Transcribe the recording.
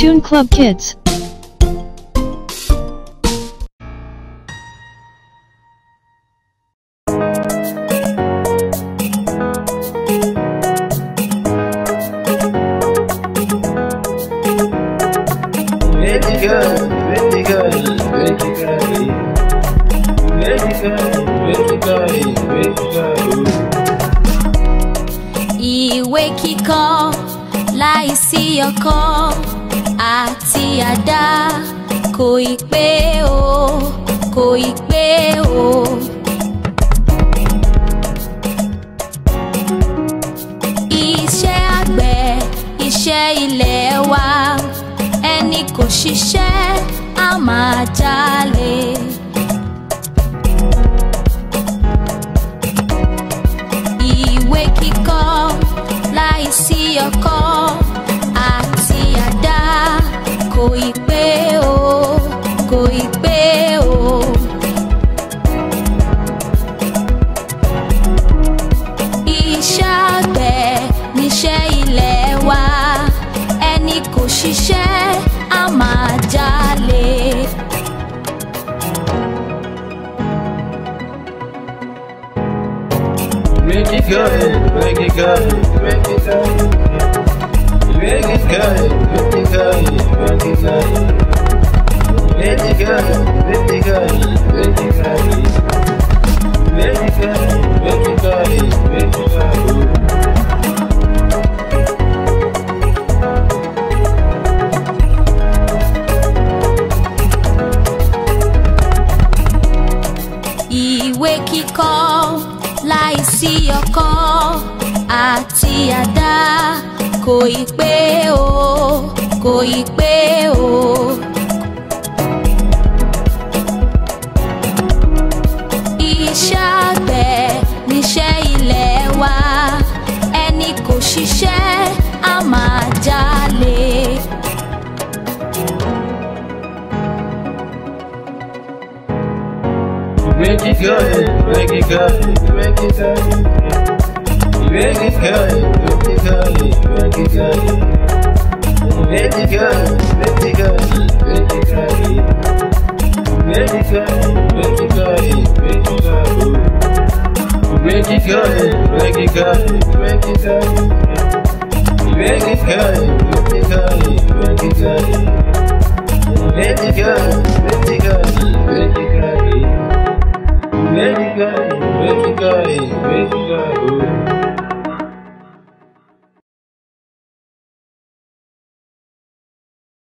Tune Club Kids ìwé see your call. tí a dá kò ì pé o kò ì pé o. iṣẹ́ àgbẹ̀ iṣẹ́ ilé wa ẹni kò ṣiṣẹ́ a máa jalè. pé o. Iṣẹ́ níṣẹ́ ilẹ̀ wa ẹni kò ṣiṣẹ́ á máa jalè. Make it good, make it good, make it good, make it good, make it good. sí ọkọ àti àdá kò ì pé o kò ì pé o. make it good, make it good. Make it good, make it good, make it good. Make it good, make it good, make it good. Make it good, make it good, make it good. Make it good, make it good, make it good. Make it good, make it good, make it good. Make it good.